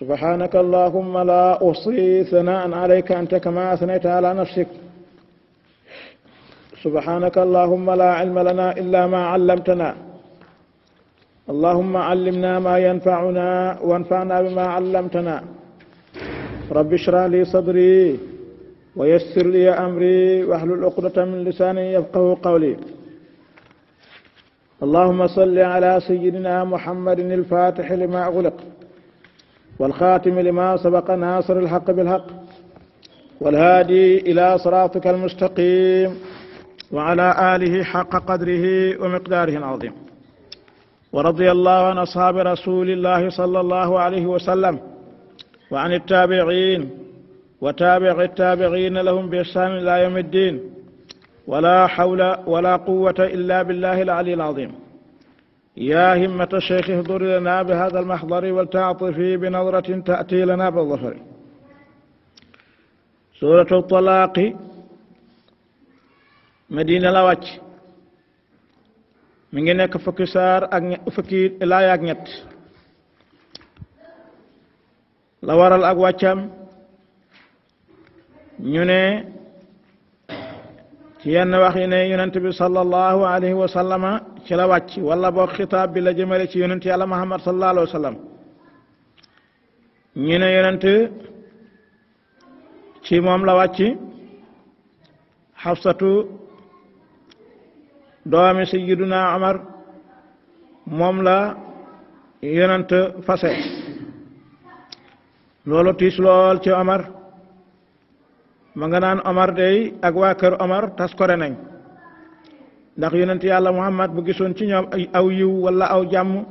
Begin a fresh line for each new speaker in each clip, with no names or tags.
سبحانك اللهم لا أحصي ثناء عليك أنت كما أثنيت على نفسك سبحانك اللهم لا علم لنا إلا ما علمتنا اللهم علمنا ما ينفعنا وانفعنا بما علمتنا رب اشرح لي صدري ويسر لي أمري واحلل عقدة من لساني يفقه قولي اللهم صل على سيدنا محمد الفاتح لما أغلق والخاتم لما سبق ناصر الحق بالحق والهادي إلى صراطك المستقيم وعلى آله حق قدره ومقداره العظيم ورضي الله عن أصحاب رسول الله صلى الله عليه وسلم وعن التابعين وتابع التابعين لهم بإحسان إلى يوم الدين ولا حول ولا قوة إلا بالله العلي العظيم يا همة الشيخ اهضر لنا بهذا المحضر ولتعطفي بنظرة تأتي لنا بالظفر سورة الطلاق مدينة لواتش من ngi nekk أفكير saar ak fukki laay نيوني ci yenn wax yi ne yonent bi sallallahu alayhi wa ci la wàcc wala boog xitaab bi la jëmale ci yonent yàlla muhammad sallallahu alayhi wa ne yonent ci moom la wàcc xafsatu doomi sayyiduna Umar moom la yonent fase loolu tiis lool ci Umar manganan amar Omar day ak wa keur Omar re nañ ndax yonent yalla Muhammad bu gisoon ci ñom aw yiw wala aw jam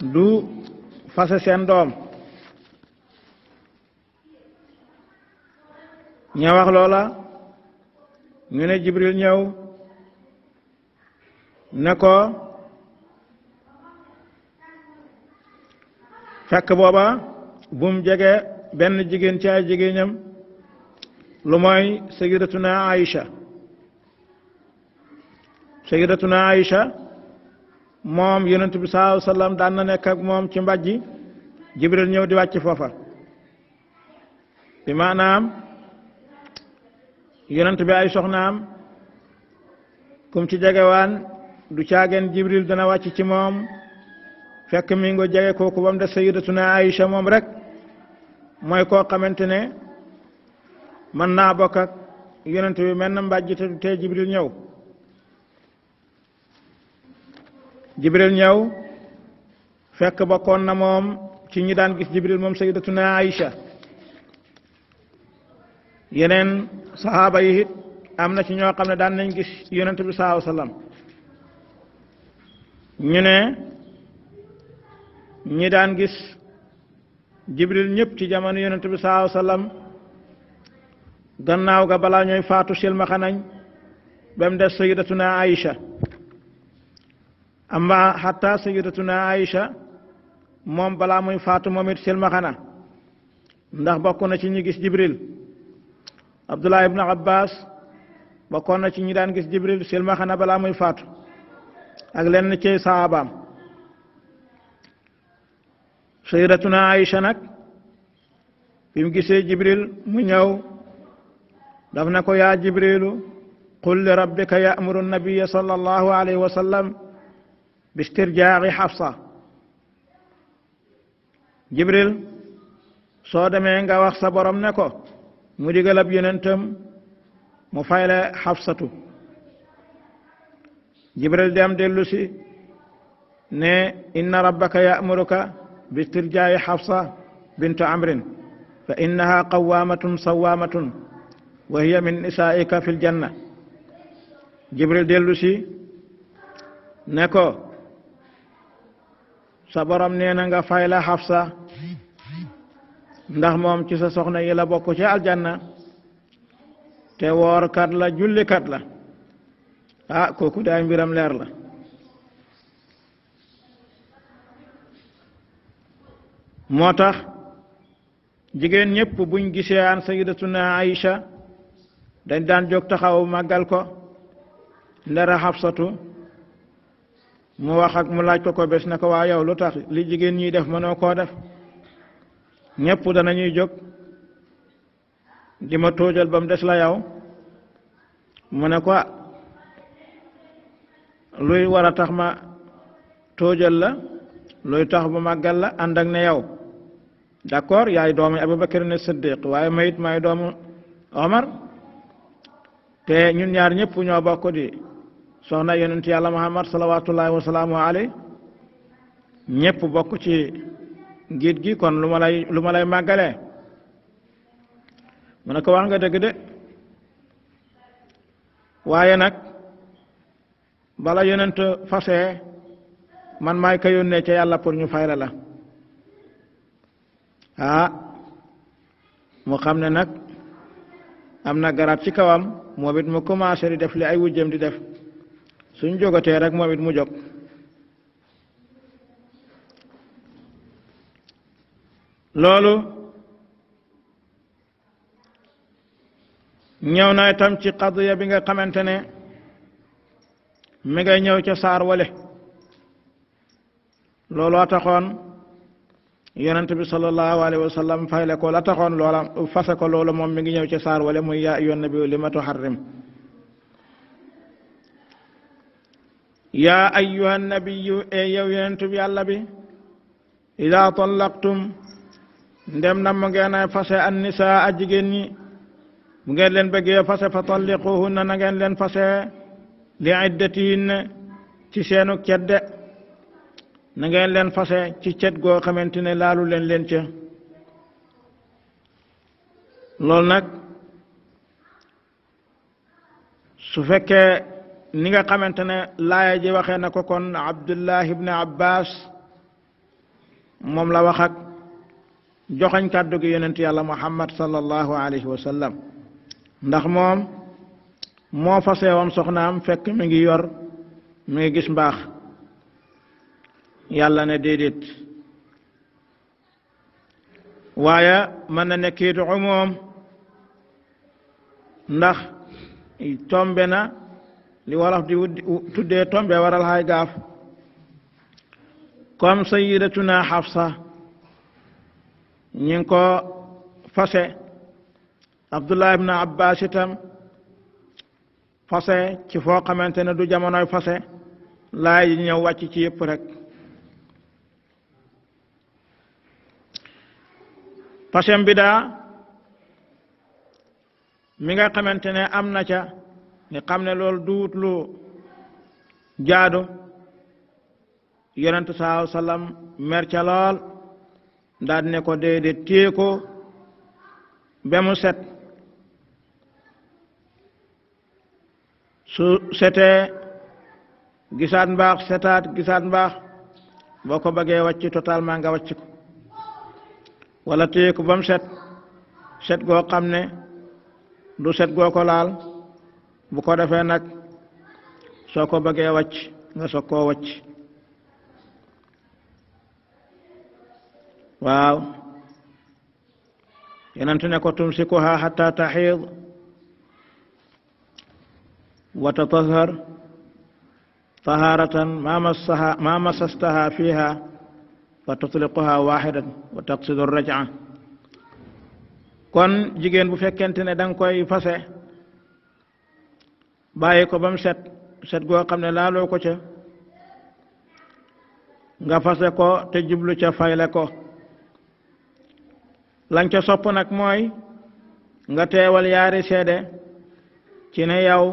du fase sen dom ña wax lola ñu ne Jibril ñew nako fak fekk booba bum jege benn jigéen ci ay jigéenam lu mooy sayyidatuna Aïcha sayyidatuna Aïcha moom yonent bi sallallaahu alayhi wa sallam daan na nekk ak moom ci mbàjji Jibril ñëw di wàcc foofa bi maanaam yonent bi ay soxnaam kum ci jegewaan du caageen Jibril dana wàcc ci moom fekk mi ngo jege kooku ba mu des sayyidatuna Aïcha moom rek mooy ko xamante ne mën naa bokk ak yonent bi mel na mbàjj te du tee jibril ñëw jibril ñëw fekk bokkoon na moom ci ñi daan gis jibril moom sayyidatuna Aïcha yeneen saxaaba yi it am na ci ñoo xam ne daan nañ gis yonent bi saaw salaam ñu ne ñi daan gis jibril ñëpp ci jamono yonent bi saaw salaam gannaaw ga balaa ñooy faatu silmaxa nañ ba mu des sayidatuna aïcha amma xatta sayidatuna aïcha moom balaa muy faatu moom it ndax bokk na ci ñi gis jibril abdullah ibn abbas bokkoon na ci ñi daan gis jibril silmaxa balaa muy faatu ak lenn ci saabaam sayidatuna aïcha nag bi mu gisee jibril mu ñaw daf na ko yaa jibrilu qul li rabbika ya'muru nabiya sallallahu alayhi wa sallam bi istirjaa'i xafsa jibril soo demee nga wax sa borom ne ko mu digal ab mu fayle xafsatu jibril dem dellu si ne inna rabbaka ya'muruka bi istirjaa'i xafsa bintu amrin fa innaha qawaamatun wa min nisaa'ika fil janna jibril delusi, si ne ko sa borom nee na nga fay la xafsa ndax moom ci sa soxna yi la bokk ci aljanna te woorkat la jullikat la ah kooku daay mbiram leer la moo tax jigéen ñépp buñ gisee an sayidatuna aïcha dañ daan jog taxaw màggal ko ndara xabsatu mu wax mu laaj ko ko bés na ko waa yow lu tax li jigéen ñiy def mënoo koo def ñëpp danañuy jóg di ma tóojal ba mu des la yow mu ne ko ah, luy war a tax ma tóojal la luy tax bu màggal la ànd ak ne yow d'accord yaay doomi Abubakar ne Siddiq waaye mayit may doomu Omar te ñun ñaar ñëpp ñoo bokk di soxna yonent yàlla muhammad salawaatullaahi wasalaamu aley ñëpp bokk ci ngiit gi kon lu ma lay lu ma lay màggalee mu ko wax nga dëgg de waaye nag bala yonent fasee man maay ka yónnee ci yàlla pour ñu fayla la ah mu xam ne nag am na garab ci kawam moom it mu commencé di def li ay wujjam di def suñ jógatee rek moom mu jóg loolu ñëw na itam ci qadiya bi nga xamante ne mi ngay ñëw ca saar wale looloo taxoon yonent bi sallallahu alayhi wa sallam fayle ko la taxoon fase ko loolu moom mi ngi ñëw ci saar wala muy yaa ayyuhan nabiyyu lima tuharrim yaa ayyuhan nabiyyu e yow yonent bi bi ida tallaqtum ndem na mu ngeen fase an nisaa a jigéen ñi ngeen leen bëggee fase fa talliquhunna na ngeen leen fase li iddatihinna ci seenu cedde na leen fase ci cet goo xamante ne laalu leen leen ca loolu nag su fekkee ni nga xamante ne laaya ji waxee na ko kon abdullah ibn abbas moom la wax ak joxañ kàddu gi yonent yàlla muhammad sallallahu alayhi wa sallam ndax moom moo fase woon soxnaam fekk mi ngi yor mi ngi gis mbaax yalla ne deedet waaya man na nekkeetu umoom ndax tombe na li walaf di tuddee tombe waral haay gaaf comme sayidatuna xafsa ñi ngi ko fase abdullah ibne abbas itam fase ci foo xamante ne du jamonoy fase laay ñëw wàcc ci yëpp rek pachem bidaa mi nga xamante ne am na ca ni xam ne lool duwut lu jaadu yonentu saaw sallam mer ca lool daal ne ko déedéet téye ko ba mu set su setee gisaat mbaax setaat gisaat mbaax boo ko bëggee wàcc totalement nga wàcc wala téye ko ba mu set set goo xam ne du set goo ko laal bu ko defee nag soo ko bëggee wàcc nga soog koo wacc waaw yenentu ne ko tumsikuha hatta taxiid wa tatahhar taharatan ma massaha ma massastaha fiha fa tutliquha waaxidatan wa taqsidu rajaa kon jigéen bu fekkente ne da koy fase bàyyi ko ba mu set set goo xam ne laaloo ko ca nga fase ko te jublu ca fayle ko lañ ca sopp nag mooy nga teewal yaari seede ci ne yow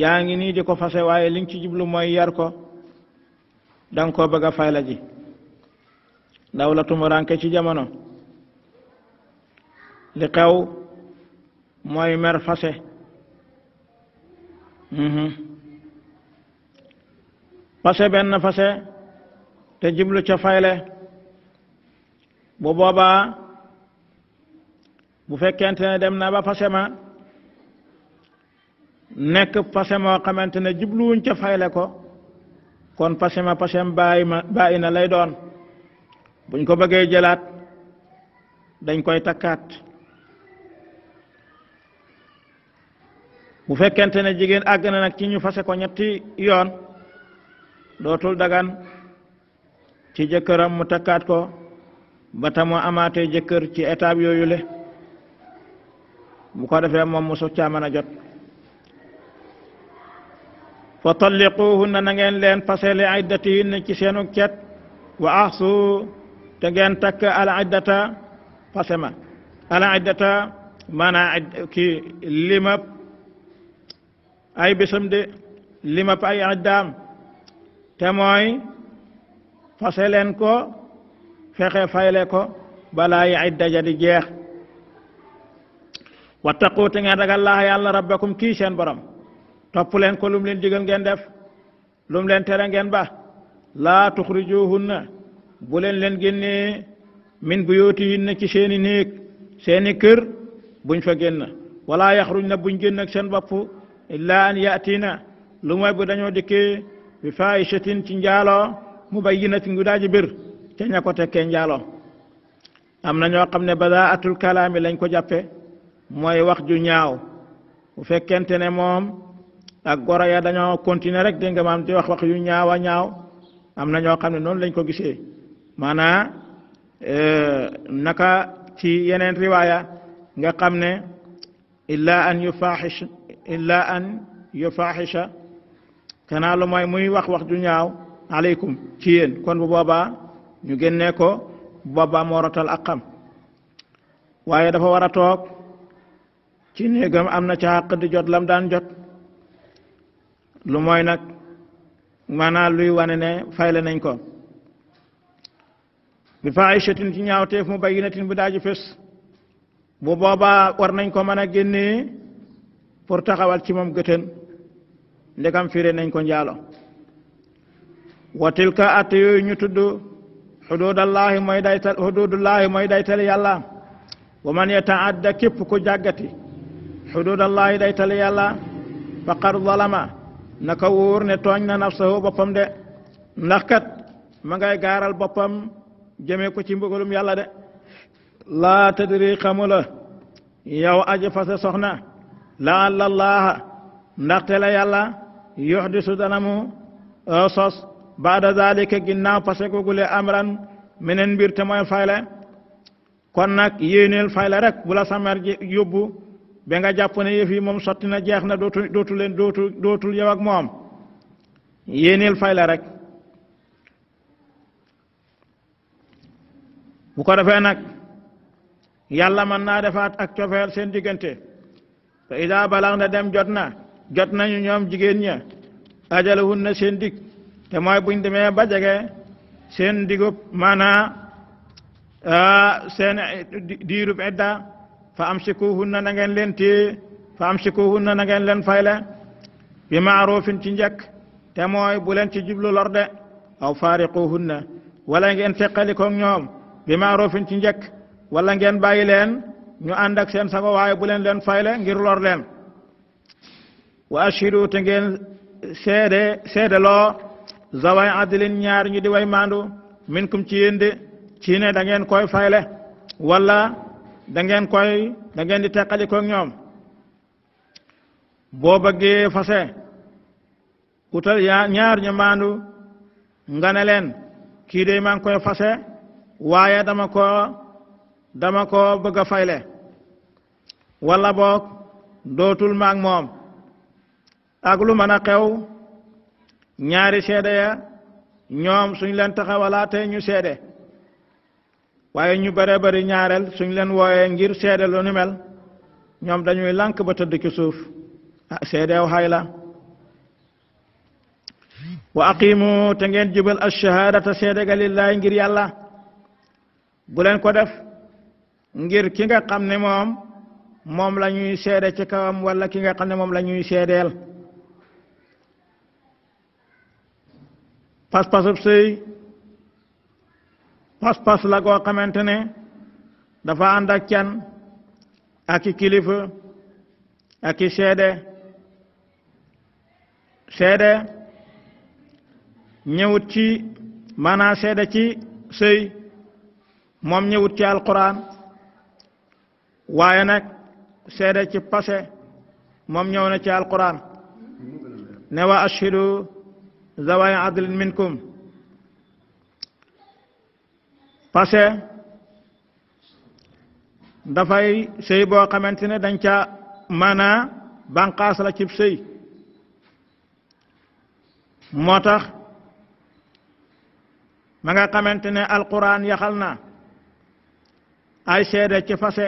yaa ngi nii di ko fase waaye liñ ci jublu mooy yar ko dang ko koo bëgg a fayla ji ndaw la tumuranke ci jamono li xew mooy mer fase mhm. fase benn fase te jiblu ca fayle bu boobaa bu fekkente ne dem na ba fase ma nekk fase moo xamante ne jibluwuñ ca ko kon fase ma fasem bàyyi ma bàyyi na lay doon buñ ko bëggee jëlaat dañ koy takkaat bu fekkente ne jigéen àgg nag ci ñu fase ko ñetti yoon dootul dagan ci jëkkëram mu takkaat ko ba tamoo amaatee jëkkër ci étape yooyu le bu ko defee moom mu suuf caa mën a jot fa talliquhunna na ngeen leen fasele iddatihinna ci seenu cet wa ahsu te ngeen takk al iddata pasema al iddata maanaa ki limab ay bésam de limab ay iddaam te mooy fase leen ko fexe fayle ko balaa yi idda ja di jeex wattaqu te ngeen ragal laaha yàlla rabbakum kii seen borom topp leen ko lum leen digal ngeen def lum leen ngeen ba laa tuxrijuhunna bu leen leen génnee min buyootihinna ci seeni néeg seeni kër buñ fa génn wala yaxruj na buñ génn ak seen bopp illaa an yaatiina lu mooy bu dañoo dikkee bi faahishatin ci njaaloo mubayyinatin gu daaji bir te ña ko tekkee njaaloo am na ñoo xam ne badaatul kalaami lañ ko jàppe mooy wax ju ñaaw bu fekkente ne moom ak goro ya dañoo continuer rek dégg nga maam di wax wax yu ñaawa ñaaw am na ñoo xam ne noonu lañ ko gise maanaa e, naka ci yeneen riwaaya nga xam ne illa an yu illa an yufaaxisha lu mooy muy wax wax ju ñaaw aleykum ci yéen kon bu boobaa ñu génnee ko bu boobaa moo rotal ak waaye dafa war a toog ci néegam am na ca xàq di jot lam daan jot lu moy nag maanaa luy wane ne fayle nañ ko بفاعشة تنياو تيف مبينة بداج فس بوبابا ورنين كو مانا جيني فرتخا والكمام جتن لكم فيرين كون جالو وتلك أتيو نتدو حدود الله ميدايت حدود الله ميدايت لي الله ومن يتعدى كيف كو جاغتي حدود الله دايت لي الله فقر ظلما نكور نتوغنا نفسه بوبم دي نخكت ماغي غارال بوبم jëmee ko ci mbugalum yàlla de laa tadri xamula yow aji soxna la laaha ndaxte la yàlla yuxdisu dana mu sos baada zalika ginnaaw fase gugule amran meneen mbir te mooy fayle kon nag yéeneel fayle rek bu la samer yóbbu ba nga jàpp ne yëf yi moom sotti na jeex na dootu dootu leen dootu dootul yow ak moom yéeneel fayle rek bu ko defee nag yàlla mën naa defaat ak cofeel seen diggante idaa ida balax na dem jot na jot nañu ñoom jigéen ña ajalahun na seen dig te mooy buñ demee ba jege seen digub maanaa seen diirub idda fa am sikuhun na na ngeen leen téye am sikuhun na na ngeen leen fayle bi maarufin ci njëkk te mooy bu leen ci jublu lor de aw faariquhunna wala ngeen teqalikoog ñoom bi maaroofin ci njëkk wala ngeen bàyyi leen ñu ànd ak seen sago waaye bu leen leen fayle ngir lor leen wa ashidu te ngeen seede seedeloo zaway adlin ñaar ñu di way maandu minkum ci yéen de ci ne da ngeen wala da ngeen koy dangeen di teqalikoog ñoom boo bëggee fase utal ñaar ñu maandu nga ne leen kii de koy fase waaye dama ko dama ko bëgg a fayle wala boog dootul maag moom ak lu mën a xew ñaari seede ñoom suñ leen taxawalaatee ñu seede waaye ñu bare bari ñaareel suñ leen wooyee ngir seede lu mel ñoom dañuy lank ba tëdd ci suuf ah seedeew xay la wa aqimu te ngeen jubal ash-shahadata seede ga lillaay ngir yàlla bu leen ko def ngir ki nga xam ne moom moom la ñuy seede ci kawam wala ki nga xam ne moom la ñuy seedeel pas-pasub sëy pas-pas la goo xamante ne dafa ànd ak can ak i kilifa ak i seede seede ñëwut ci maanaam seede ci sëy mom ñëwut ci alquran waye nak sédé ci passé mom ñëw na ci alquran ne wa ashhidu zaway adlin minkum passé da fay sëy bo xamantene dañ ca mana banqaas la ci sëy motax ma nga xamantene alquran yaxal na ay seede ci fase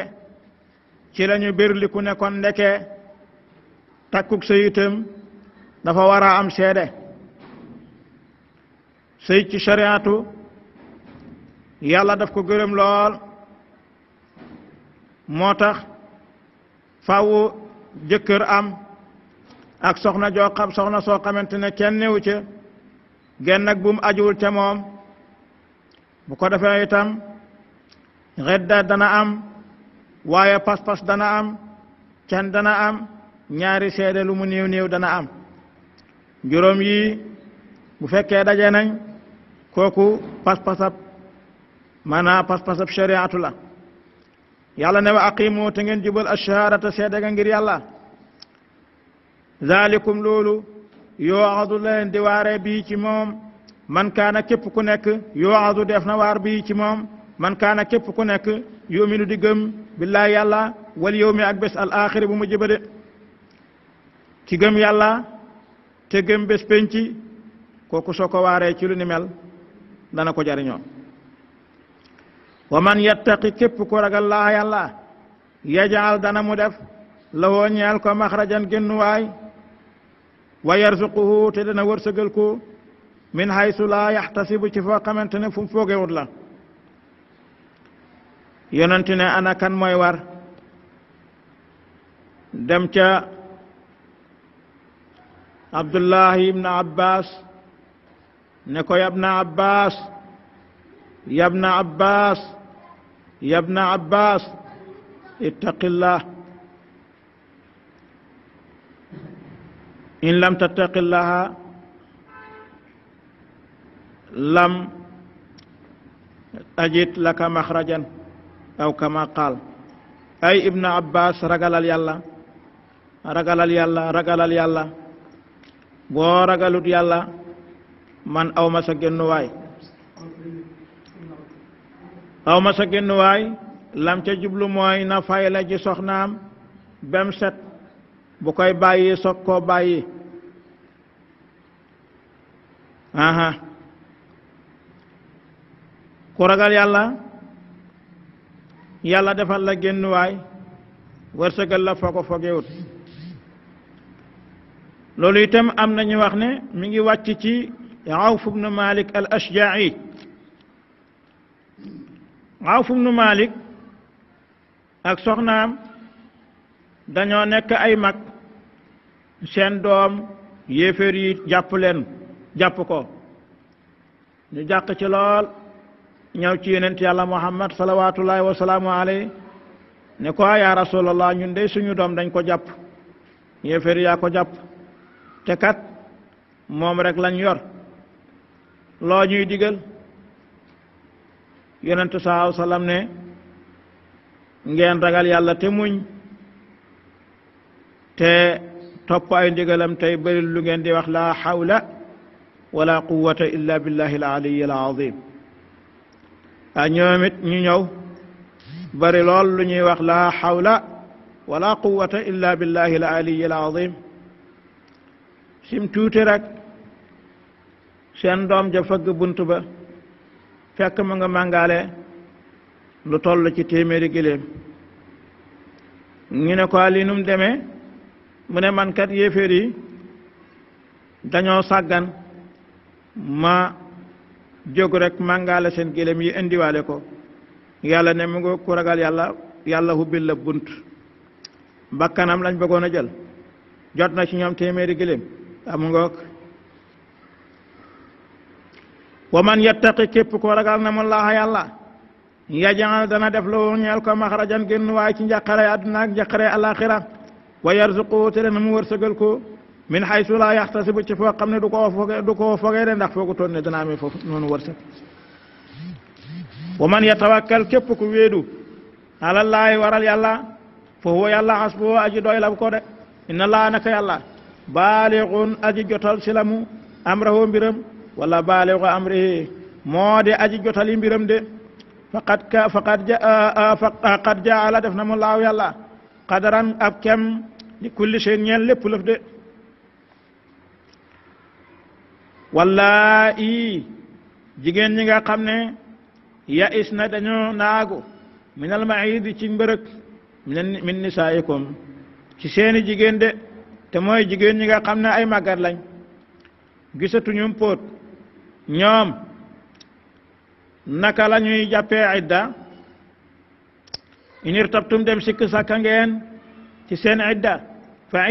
ci lañu birliku ne kon ndekee takkuk sëy itam dafa war a am seede sëy ci shariatu yàlla def ko gërëm lool moo tax faaw jëkkër am ak soxna joo soxna soo xamante ne kenn newu ca genn ak bu ajuwul ca moom bu ko defee itam xedda dana am waaye pas-pas dana am can dana am ñaari seede lu mu néew néew dana am juróom yi bu fekkee daje nañ kooku pas-pasab maanaam pas-pasab shariatu la yàlla ne wa aqimu te ngeen jubal ashahadata seede ga ngir yàlla zalikum loolu yoo axadu leen di waaree bii ci moom man kaana képp ku nekk yoo axadu def na waar bii ci moom man kaana képp ku nekk yuminu di gëm billaahi yàlla wal yawmi ak bés al bu mu jëbade ki gëm yàlla te gëm bés penci kooku soo ko waaree ci lu ni mel dana ko jariñoo wa man yattaqi képp ku ragal laa yàlla yajaal dana mu def lawoo ko maxrajan génnuwaay wa yarzuquhu te dana wërsëgal ko min haysu laa yaxtasibu ci foo xamante ne fu mu foogewut la yonent ne ana kan mooy war dem ca abdullahi ibn abbas ne ko yab na abbas yab na abbas yab na abbas ittaqillah in lam tattaqillaha lam ajid laka maxrajan aw kama qal ay Ibn abbas ragalal yalla ragalal yalla ragalal yalla bo ragalut yalla man aw ma sa gennu way aw ma sa gennu way lam ca jublu moy na fay la soxnam bem set bu koy bayyi sokko bayyi aha ko ragal yalla yàlla defal la génnuwaay wërsëgal la foo ko fogeewut loolu itam am na ñu wax ne mi ngi wàcc ci Awf ibnu Malik Malik ak soxnaam dañoo nekk ay mag seen doom yéeféer yi jàpp leen jàpp ko ñu jàq ci lool ñëw ci yonent yàlla muhammad salawaatullahi wa salaamu alayhi ne ko yaa rasulallah ñun de suñu doom dañ ko jàpp yéeféer yaa ko jàpp te kat moom rek lañu yor loo ñuy digal yonent salaam ne ngeen ragal yàlla te muñ te topp ay ndigalam tey bëri lu ngeen di wax laa xawla wala quwwata illa billahi aliyi al a ñoomit ñu ñëw bari lool lu ñuy wax laa xawla la quwata illa billahi al aliyi al azim sim tuuti rek seen doom ja fëgg bunt ba fekk ma nga màngaale lu toll ci téeméeri giléem ñu ne ko li num demee mu ne man kat yéeféer dañoo sàggan ma jóg rek màngaale seen gélém yi indiwale ko yàlla ne mungo nga ku ragal yàlla yàlla hubbil la bunt bakkanam lañ bëggoon a jël jot na ci ñoom téeméeri gélém am ngoog wa man yattaqi képp ko ragal na mu laaxa yàlla yajal dana def loo ñeel ko maxrajan génn waaye ci njàqare àdduna ak njàqare àllaaxira wa yarzuqu te dana mu wërsëgal ko min haysu laa yaxtasibu ci foo xam ne du ko foge de ndax foogu toon ne dana amee foofu noonu wërsëg wa man yatawakkal képp ku wéedu alallaahi waral yàlla fa huwa yàlla xasbuhu aji doy la ko de inna laa naka yàlla aji jotal si la mu mbiram wala baaligu amrihi moo aji jotali mbiram de faqad ka faqad jaala def na mu laaw yàlla qadaran li kulli shay ñeel lépp lëf de Wallahi, i jigéen ñi nga xamne ya isna dañu naagu min ma'id ci mbërëg min min nisaikum ci seen jigen de te moy jigen ñi nga xamne ay magar lañ ñum pot ñom naka lañuy jappé jàppee idda in irtabtum dem sik sàkka ci seen idda fa